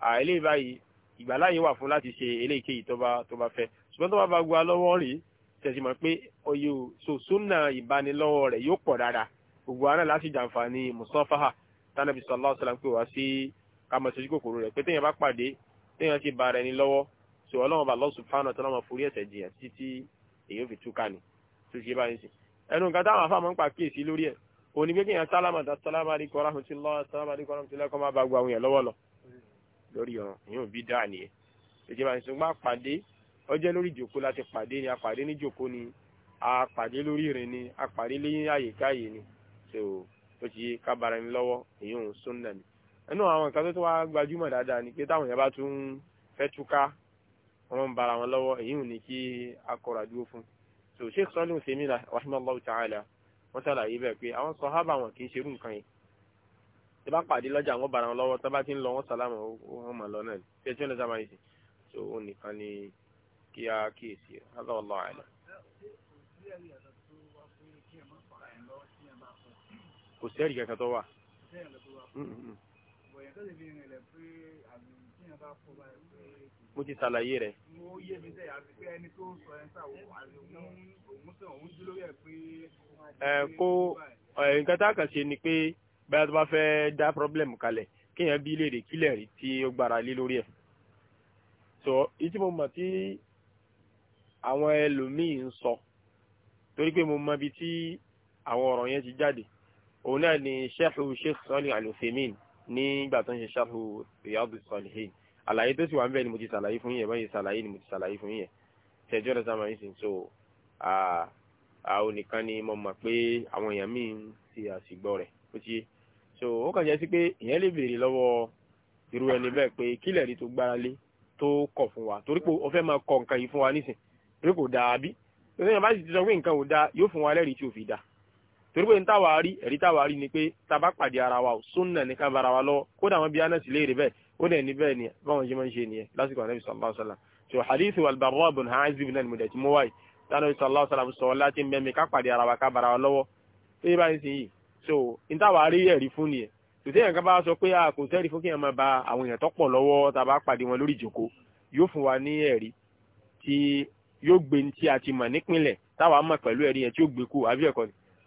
àìlè báyìí ìgbàláyè wà fún láti ṣe eléyìíkéyìí tó bá tó bá fẹ́ ṣùgbọ́n tó bá bá gbogbo alọ́wọ́ sunna ìbánilọ́wọ́ rẹ̀ yóò pọ̀ gbogbo àná láti jàǹfààní musafaha tánàbí sallallahu alaihi wasallam pé wá sí kàmọ́ ìṣojú kòkòrò rẹ̀ pé téèyàn bá pàdé téèyàn ti bára ẹni lọ́wọ́ sọ ọlọ́run bá Allah subhanahu wa ta'ala máa forí ẹ̀ṣẹ̀ jìyàn títí èyí ò fi túká ni tó ṣe báyìí sí ẹnu nǹkan táwọn afáàmọ́ ń pa kíyèsí lórí ẹ̀ òní pé kéèyàn sálámà dá sálámà rí kọ́ ráhùn tí lọ́ sálámà rí kọ́ ráhùn tí lẹ́kọ́ máa bá gba àwọn èèyàn lọ́wọ́ lọ lórí ọ̀ràn èyí ò bí dáa nìyẹn ìjọba ìṣùgbọ́n àpàdé ni àpàdé ní so ó ti yé kábàárà ni lọ́wọ́ èyí òun sunna ni ẹnu àwọn nǹkan tó tó wá gbajúmọ̀ dáadáa ni pé táwọn yẹn bá tún fẹ́ túká wọn ń bara wọn lọ́wọ́ èyí òun ni kí akọ̀rọ̀ àdúró fún so sheikh sọ́lé hussein mina a ta'ala wọ́n ṣàlàyé bẹ́ẹ̀ pé àwọn sàhábà wọn kì í ṣerú nǹkan yẹn tí bá pàdé lọ́jà wọn bara wọn lọ́wọ́ tó bá ti ń lọ wọn sàlámù wọn mà lọ náà ṣe tí ni kí a kò sẹ́rì kankan tó wà. Mm, mm, mm. mo ti ṣàlàyé rẹ̀. mo yé mi sẹ́yà àti pé ẹni tó sọ ẹ́ sà wò àti òun sọ òun dúró ẹ kó nǹkan tá a kàn ṣe ni pé báyà tó bá fẹ́ dá pọ́blẹ́mù kalẹ̀ kéèyàn bí léèrè kílẹ̀ rí tí ó gbára lé lórí ẹ̀. sọ ìtí mo mọ̀ tí àwọn ẹlòmíì ń sọ torí pé mo mọ ibi tí àwọn ọ̀rọ̀ yẹn ti jáde òun náà ni sẹ́fù sheikh sọ́lì alùfẹ́mìn nígbà tó ń ṣe sẹ́fù ìyáàbù sọ́lìhìn àlàyé tó sì wà ń bẹ̀ ni mo ti ṣàlàyé fún yẹn báyìí ṣàlàyé ni mo ti ṣàlàyé fún yẹn ṣẹjọ́ rẹ̀ sáà máa ń sìn so àwọn nìkan ni mo mọ̀ pé àwọn èèyàn míì ń ti àṣìgbọ́ rẹ̀ ó ti yé so ó kàn jẹ́ sí pé ìyẹn lè béèrè lọ́wọ́ irú ẹni bẹ́ẹ̀ pé kílẹ̀ rí tó gbára lé tó kọ̀ fún wa torí pé o fẹ́ máa kọ nǹkan yìí fún wa nísìn torí kò dáa bí torí yẹn bá sì ti sọ pé nǹkan ò dáa yóò fún wa lẹ́rìí tí ò fi dáa torí pé n táwa rí ẹ̀rí táwa rí ni pé taba pàdé ara wa o sunna ní ká bara wa lọ kódà wọn bí anasi léèrè bẹ́ẹ̀ ó dẹ̀ ní bẹ́ẹ̀ ni báwọn ṣe máa ń ṣe nìyẹn lásìkò anabi sallallahu alayhi wa sallam so hadith wal barra bin haazib náà ni mo dẹ̀ ti wáyé tánà sallallahu alayhi wa sallam láti mẹ́mi ká pàdé ara wa ká bara wa lọ́wọ́ tó yẹ báyìí sìn yìí so n táwa rí ẹ̀rí fún nìyẹn tó tẹ́yàn ká bá sọ pé a ah, kò sẹ́rí fún kéèyàn máa ba àwọn èèyàn tó pọ̀ lọ́wọ́ tàbá pàdé wọn lórí ìjòkó yóò fún wa ní ẹ̀rí tí yóò gbé ní tí a ti mọ̀ nípìnlẹ̀ táwa mọ̀ pẹ̀lú ẹ̀rí yẹn tí yóò gbé kú àbí ẹ̀kọ́ ni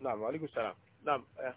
Naam, alaikum salaam. Naam, eh.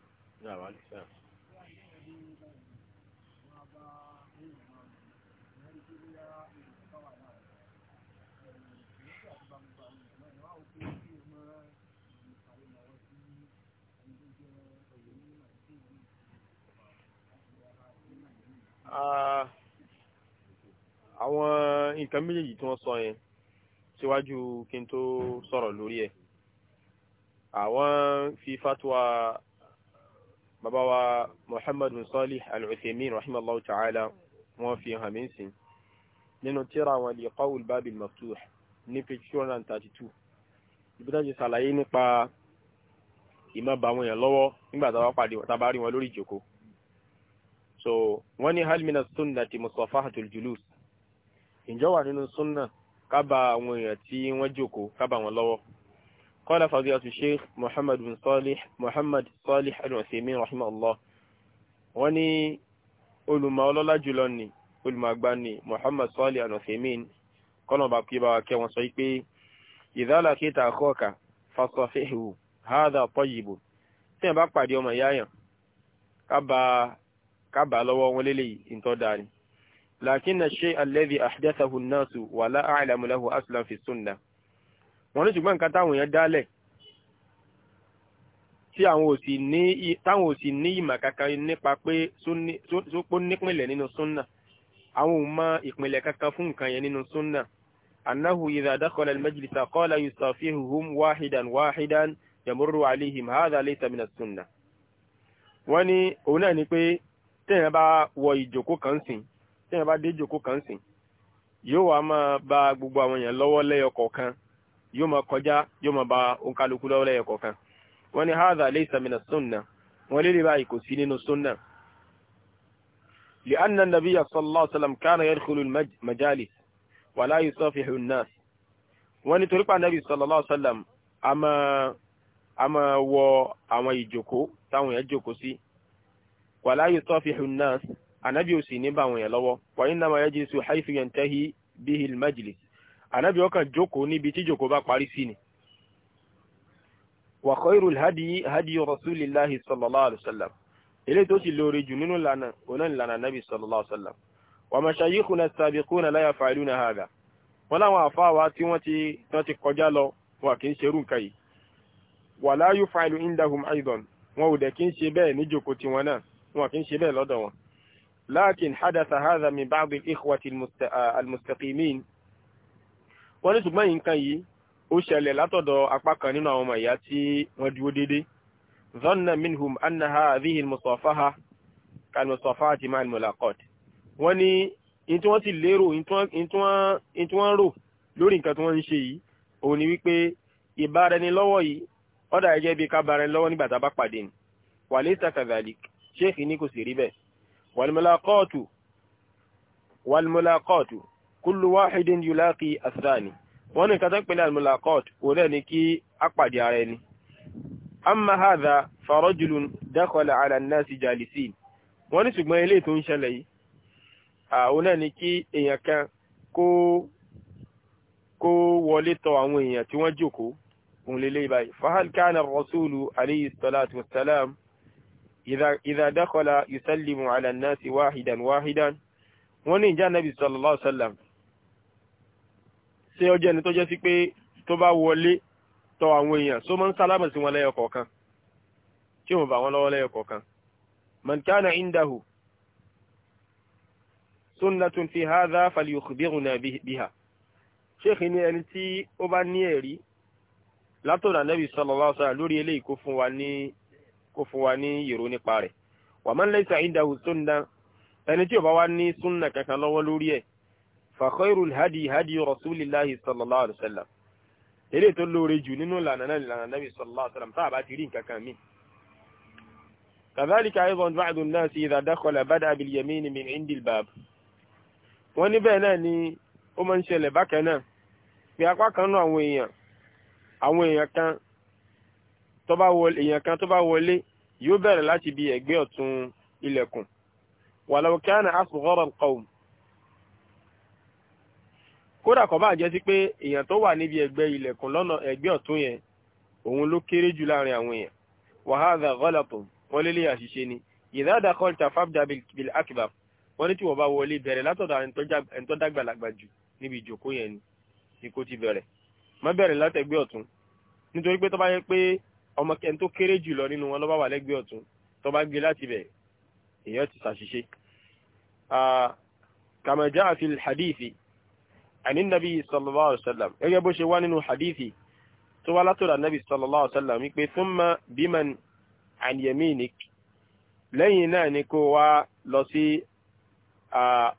Ah, àwọn nǹkan méjèèjì tí wọ́n sọ yẹn síwájú kí n tó sọ̀rọ̀ lórí ẹ̀ àwọn fi fatuwa bàbá wa muhammad salih al-uthaymin rahimahullah ta'ala wọ́n fi hàn mí sìn nínú tírà wọn liqa'ul babil maftuh ní page two hundred and thirty two ibi tó ti ṣàlàyé nípa ìmọ̀ bá wọn yàn lọ́wọ́ nígbà wọn lórí ìjòkó so wọ́n ní halmina sunna ti musafahatul julus ǹjọ́ wà nínú sunna ká bá àwọn èèyàn tí wọ́n jòkó ká wọn lọ́wọ́ قال فضيلة الشيخ محمد بن صالح محمد صالح العثيمين رحمه الله وني olùmọ̀ ọlọ́lá jùlọ ni olùmọ̀ àgbà ni Muhammad Salih Al-Uthaymeen kọ́nà bá kí bá wa kẹ́ wọn sọ pé idha laqita akhaka fasafihu hadha tayyibun tí wọ́n bá pàdé ọmọ ìyá yàn kábà lọ́wọ́ wọn lélẹ̀ ìtọ́ dáa ni lakinna ash-shay'a alladhi ahdathahu an-nasu wa la a'lamu lahu aslan fi sunnah wọ́n ní ṣùgbọ́n nǹkan táwọn èèyàn dálẹ̀ tí àwọn ò sì ní táwọn ò sì ní ìmọ̀ kankan nípa pé sópó nípìnlẹ̀ nínú súnnà àwọn ò mọ ìpìnlẹ̀ kankan fún nǹkan yẹn nínú súnnà annahu idha dakhala al-majlisa qala yusafihuhum wahidan wahidan yamurru alayhim hadha laysa min as-sunnah wọ́n ní ni pé téèyàn bá wọ ìjòkó kan sìn téèyàn bá dé ìjòkó kan sìn yóò wá máa bá gbogbo àwọn èèyàn lọ́wọ́ lẹ́yọ kọ̀ọ̀kan yóò máa kọjá yóò máa ba òǹkálukú lọ́wọ́ lẹ́yìn kọ̀ọ̀kan wọ́n ní haza laysa mina sunna wọ́n lè báyìí kò sí nínú sunna لأن النبي صلى الله عليه وسلم كان يدخل المجالس ولا يصافح الناس wọ́n ní torípa nabi sallallahu alaihi wasallam a máa a máa wọ àwọn ìjòkó táwọn èèyàn jòkó sí wala yusafihu an-nas ànábì ò sì ní bá àwọn èèyàn lọ́wọ́ wa innama yajlisu haythu yantahi bihi al-majlis ànábì ọkàn jókòó níbi tí jókòó bá parí sí ni wa khairul hadi hadi rasulillahi sallallahu alaihi wasallam ilé tó sì lóore jù nínú lànà ọ̀nà ìlànà nábì sallallahu alaihi wasallam wa mashayikhuna as-sabiquna la yaf'aluna hadha wọ́n láwọn àfáàwá tí wọ́n ti tán ti kọjá lọ wà kí ń ṣerú wọ́n ní ṣùgbọ́n yìí nǹkan yìí ó ṣẹlẹ̀ látọ̀dọ̀ apá kan nínú àwọn ọmọ ìyá tí wọ́n dúró dédé zanna minhum annaha adhihin musafaha kan musafaha ti máa mulaqat wọ́n ní in tí wọ́n ti lérò in tí wọ́n rò lórí nǹkan tí wọ́n ń ṣe yìí òun ni wípé ìbáraẹnilọ́wọ́ yìí ọ̀dà ẹ̀jẹ̀ bíi ká báraẹnilọ́wọ́ nígbà tá a bá pàdé ni walaysa kadhalik sheikh ní kò sì rí bẹ́ẹ̀ wal mulaqatu wal mulaqatu kullu wahidin yulaqi athani wọ́n ní kátà pẹ̀lú al-mulaqat òlẹ́ ní kí a pàdé ara ẹni amma hadha farajulun dakhala ala an-nasi jalisin wọ́n ní ṣùgbọ́n ilé tó ń ṣẹlẹ̀ yìí àwọn náà ní kí èèyàn kan kó kó wọlé tọ̀ àwọn èèyàn tí wọ́n jókòó òun lélé báyìí fahal ní ìjà nabi sallallahu ṣé ó jẹ́ ẹni tó jẹ́ sí pé tó bá wọlé tọ àwọn èèyàn só máa ń sálámà sí wọn lẹ́yọ kọ̀ọ̀kan tí wọ́n bá wọn lọ́wọ́ lẹ́yọ kọ̀ọ̀kan man kana indahu sunnatun fi hadha falyukhbiruna biha sheikh ni ẹni tí ó bá ní ẹ̀rí látọ̀dọ̀ Nabi sallallahu alaihi lórí eléyìí kó fún wa ní kó fún wa ní ìró nípa rẹ̀ wa man laysa indahu sunna ẹni tí ó bá wá ní sunna kankan lọ́wọ́ lórí ẹ̀ fa khairul hadi hadi rasulillahi sallallahu alaihi wasallam eré tó lóore jù nínú ìlànà náà ìlànà nabi sallallahu alaihi wasallam tá a bá ti rí nǹkan kan mi. kàzálìkà ayébọn báàdùn náà sí idha dakhala bada bil yamin min indil bab. wọ́n ní bẹ́ẹ̀ náà ni ó máa ń tó bá wọlé yóò bẹ̀rẹ̀ láti bi ẹ̀gbẹ́ ọ̀tún ilẹ̀kùn walaw kana asghara alqawm kódà kọ́ bá jẹ́ sí pé èèyàn tó wà níbi ẹgbẹ́ ilẹ̀kùn lọ́nà ẹgbẹ́ ọ̀tún yẹn òun ló kéré jù láàrin àwọn èèyàn wa hadha ghalatun wọ́n lélẹ̀ àṣìṣe ni idha dakhalta fabda bil akbar wọ́n ní tí wọ́n bá wọlé bẹ̀rẹ̀ látọ̀dọ̀ ẹni jù níbi ìjòkó yẹn ni ni kò ti bẹ̀rẹ̀ má bẹ̀rẹ̀ látẹ̀gbẹ́ ọ̀tún nítorí pé tó bá yẹ pé ọmọ ẹni tó kéré jù lọ nínú wọn ló bá wà lẹ́gbẹ́ ọ̀tún tó ah, fil hadithi àní nàbí sallallahu alaihi wasallam gẹ́gẹ́ bó ṣe wá nínú hadithi tó wá látọ̀dà nàbí sallallahu alaihi wasallam wípé thumma biman an yaminik lẹ́yìn náà ni kó wá lọ sí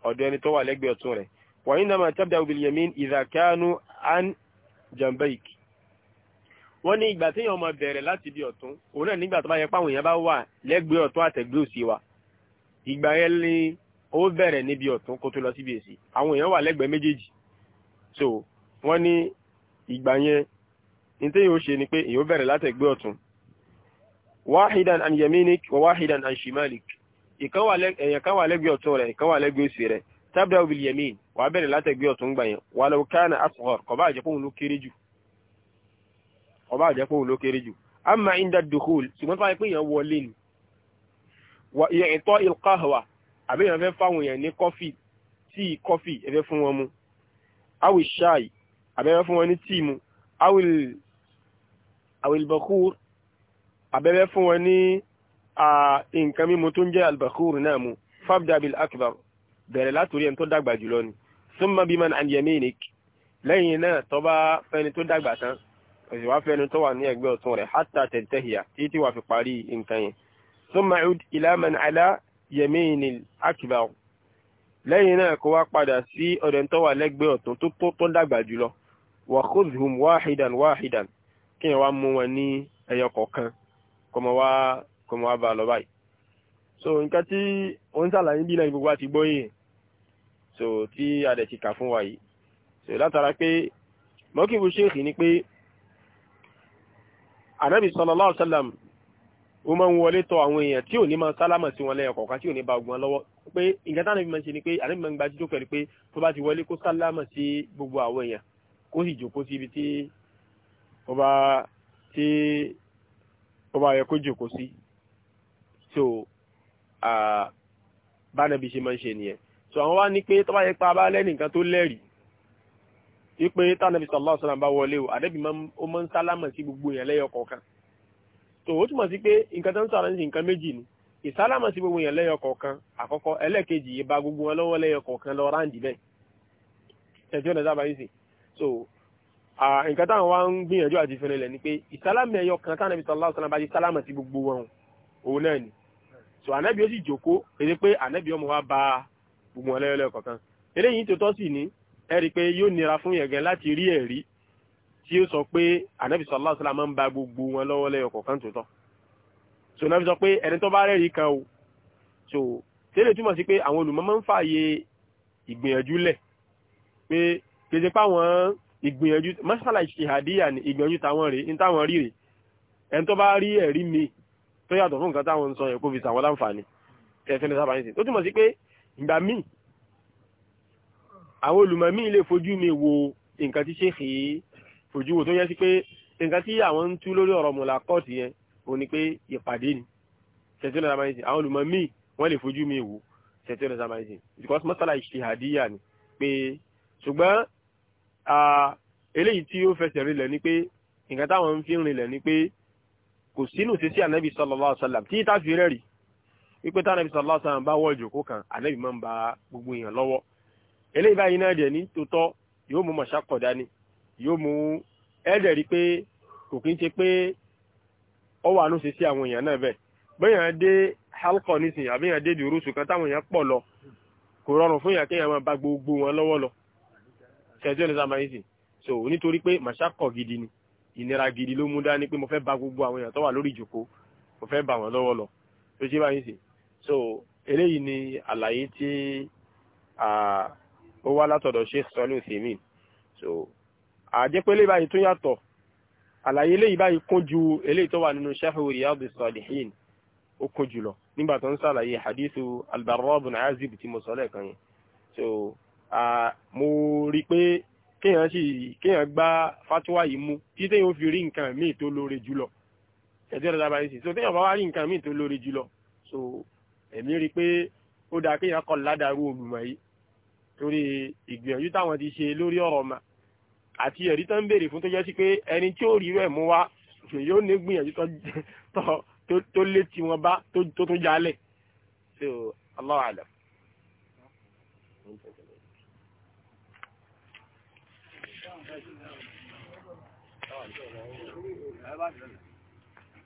ọ̀dọ̀ ẹni tó wà lẹ́gbẹ̀ẹ́ ọ̀tún rẹ̀ wa innama tabda'u bil yamin idha kanu an jambayk wọ́n ní ìgbà téèyàn máa bẹ̀rẹ̀ láti bí ọ̀tún òun náà nígbà tó bá yẹ páwọn èèyàn bá wà lẹ́gbẹ̀ẹ́ ọ̀tún àtẹ̀gbẹ́ òsì wa ìgbà yẹn ó bẹ̀rẹ̀ níbi ọ̀tún kó tó lọ síbi èsì àwọn èèyàn wà lẹ́gbẹ̀ẹ́ méjèèjì so wọ́n ní ìgbà yẹn ní tí yóò ṣe ni pé èyí ó bẹ̀rẹ̀ látẹ̀gbẹ́ ọ̀tún wahidan an yaminik wa wahidan an shimalik èyàn kan wà lẹ́gbẹ́ ọ̀tún rẹ̀ ìkan wà lẹ́gbẹ́ òsì rẹ̀ tabda bil yamin wà bẹ̀rẹ̀ látẹ̀gbẹ́ ọ̀tún gbà yẹn walau kana asghar kò bá jẹ́ pé òun ló kéré jù kò bá jẹ́ pé òun ló kéré jù amma inda dukhul ṣùgbọ́n tó wáyé pé èyàn wọlé ni wa i'ta al qahwa àbẹ́yàn fẹ́ fáwọn èèyàn ní kọfí tí kọfí ẹfẹ́ fún wọn mu awil shai abẹ́rẹ́ fún wọn ní tíìmù awil awil bakur abẹ́rẹ́ fún wọn ní nǹkan mímu tó ń jẹ́ albakur náà mu fabda bil akbar bẹ̀rẹ̀ látòrí ẹni tó dàgbà jùlọ ni summa biman an yaminik lẹ́yìn náà tó bá fẹ́ni tó dàgbà tán òsì wá fẹ́ni tó wà ní ẹgbẹ́ ọ̀tún rẹ̀ hatta tẹ̀tẹ̀hìyà títí wà fi parí nǹkan yẹn summa ud ila man ala yaminil akbar lẹ́yìn náà kó wá padà sí ọ̀dẹ̀ tó wà lẹ́gbẹ̀ẹ́ ọ̀tún tó tó tó dàgbà jùlọ wa khudhum wahidan wahidan kí wọ́n wá mú wọn ní ẹyọ kọ̀ọ̀kan kọmọ wá wá bá lọ báyìí so nǹkan tí ó ń sàlàyé bí lẹ́yìn gbogbo àti gbóyè so tí a dẹ̀ ti kà fún wa yìí so látara pé mọ́kìbù ṣèkì ni pé anabi sallallahu alaihi ó máa ń wọlé tọ àwọn èèyàn tí ò ní máa sálámà sí wọn lẹ́yìn kọ̀ọ̀kan tí ò ní bá ogun lọ́wọ́ pé nǹkan táwọn ẹbí máa ń ṣe ni pé àdébí máa ń gbajú jókòó pé tó bá ti wọlé kó sálámà sí gbogbo àwọn èèyàn kó sì jókòó sí ibi tí ó bá tí ó bá yẹ kó jókòó sí so bánàbí ṣe máa ń ṣe nìyẹn so àwọn wá ní pé tó bá yẹ pa abá lẹ́nìkan tó lẹ́rìí wípé tánàbí sallallahu alaihi wasallam bá wọlé o àdébí tó ó túmọ̀ sí pé nǹkan tó ń sọ̀rọ̀ ní nǹkan méjì ni ìsálámà sí gbogbo èèyàn lẹ́yọ kọ̀ọ̀kan àkọ́kọ́ ẹlẹ́ẹ̀kejì yìí ba gbogbo wọn lọ́wọ́ lẹ́yọ kọ̀ọ̀kan lọ ráǹdì bẹ́ẹ̀ ẹ̀jọ́ ọ̀nà sábà yìí sì so nǹkan táwọn wá ń gbìyànjú àti fẹ́rẹ̀ lẹ̀ ni pé ìsálámà ẹyọ kan táwọn ẹbí sọlá ọ̀sán náà ni so ànábì ó sì jòkó èdè ba gbogbo wọn lẹ́yọ lẹ́yọ kọ̀ọ̀kan eléyìí tó tọ́ ni ẹ rí i pé yóò nira fún yẹn tí ó sọ pé ànábì sallallahu alaihi wasallam máa ń ba gbogbo wọn lọ́wọ́ lẹ́yọ kọ̀ọ̀kan tó tọ́ so náà fi sọ pé ẹni tó bá rẹ́rìí kan o so tẹ́lẹ̀ túmọ̀ sí pé àwọn olùmọ̀ máa ń fààyè ìgbìyànjú lẹ̀ pé kèsì páwọn ìgbìyànjú mọ́sálà ìṣèhàdíyà ni ìgbìyànjú táwọn rèé ní táwọn rí rèé ẹni tó bá rí ẹ̀rí mi tó yàtọ̀ fún nǹkan táwọn ń sọ ẹ̀kọ́ fi sàwọn láǹfààní kẹfẹ́ni sábà sí tó túmọ̀ sí pé ìgbà míì àwọn olùmọ̀ míì lè fojú mi wo nǹkan tí ṣéèkì òjúwò tó yẹ sí pé nǹkan tí àwọn ń tú lórí ọ̀rọ̀ mọ̀lá kọ́ọ̀tì yẹn ò ní pé ìpàdé ni ṣètìlẹ̀ sàmáyìsì àwọn olùmọ̀ míì wọ́n lè fojú mi wò ṣètìlẹ̀ sàmáyìsì because mọ́sálà ìṣèhàdíyà ni pé ṣùgbọ́n eléyìí tí ó fẹsẹ̀ rinlẹ̀ ni pé nǹkan táwọn fi ń rinlẹ̀ ni pé kò sínú sí sí ànábì sallallahu alaihi wasallam tí ìta fi rẹ́rì wípé tánábì sallallahu alaihi wasallam bá wọ́ ìjòkó kan ànábì yóò mú ẹ̀ẹ́dẹ̀ rí pé kò kí ń ṣe pé ọ wà ní ṣiṣẹ́ àwọn èèyàn náà bẹ́ẹ̀ bẹ́yàn dé halkọ nísìn àbí yàn dé dùrúsù kan táwọn èèyàn pọ̀ lọ kò rọrùn fún yàn kéèyàn máa bá gbogbo wọn lọ́wọ́ lọ ṣẹjọ́ ní sàmáyé sì so nítorí pé màṣákọ̀ gidi ni ìnira gidi ló mú dání pé mo fẹ́ bá gbogbo àwọn èèyàn tó wà lórí ìjókòó mo fẹ́ bá wọn lọ́wọ́ lọ tó ṣe báyìí sì so eléyìí ni àlàyé tí ó wá látọ̀dọ̀ Sheikh Sọ́lé Òsèmí so àjẹpẹ́ lè báyìí tún yàtọ̀ àlàyé lè báyìí kún ju eléyìí tó wà nínú sharhu riyadus salihin ó kún jùlọ nígbà tó ń sàlàyé hadithu albarra bin azib tí mo sọ lẹ́ẹ̀kan yẹn so mo rí pé kéèyàn sì kéèyàn gbá fatuwa yìí mú tí téèyàn ó fi rí nǹkan míì tó lóore jùlọ ẹ̀jẹ̀ rẹ̀ dábàá yìí sì so téèyàn bá wá rí nǹkan míì tó lóore jùlọ so èmi rí pé ó dáa kéèyàn kọ́ ládàrú olùmọ̀ yìí torí ìgbìyànjú táwọn ti ṣe lórí ọ̀rọ̀ àti ẹ̀rí tán ń béèrè fún tó jẹ́ sí pé ẹni tí ó rí rẹ̀ mú wá yóò ní gbìyànjú tó lé tí wọn bá tó tún jálẹ̀ so Allahu a'lam. Thank you.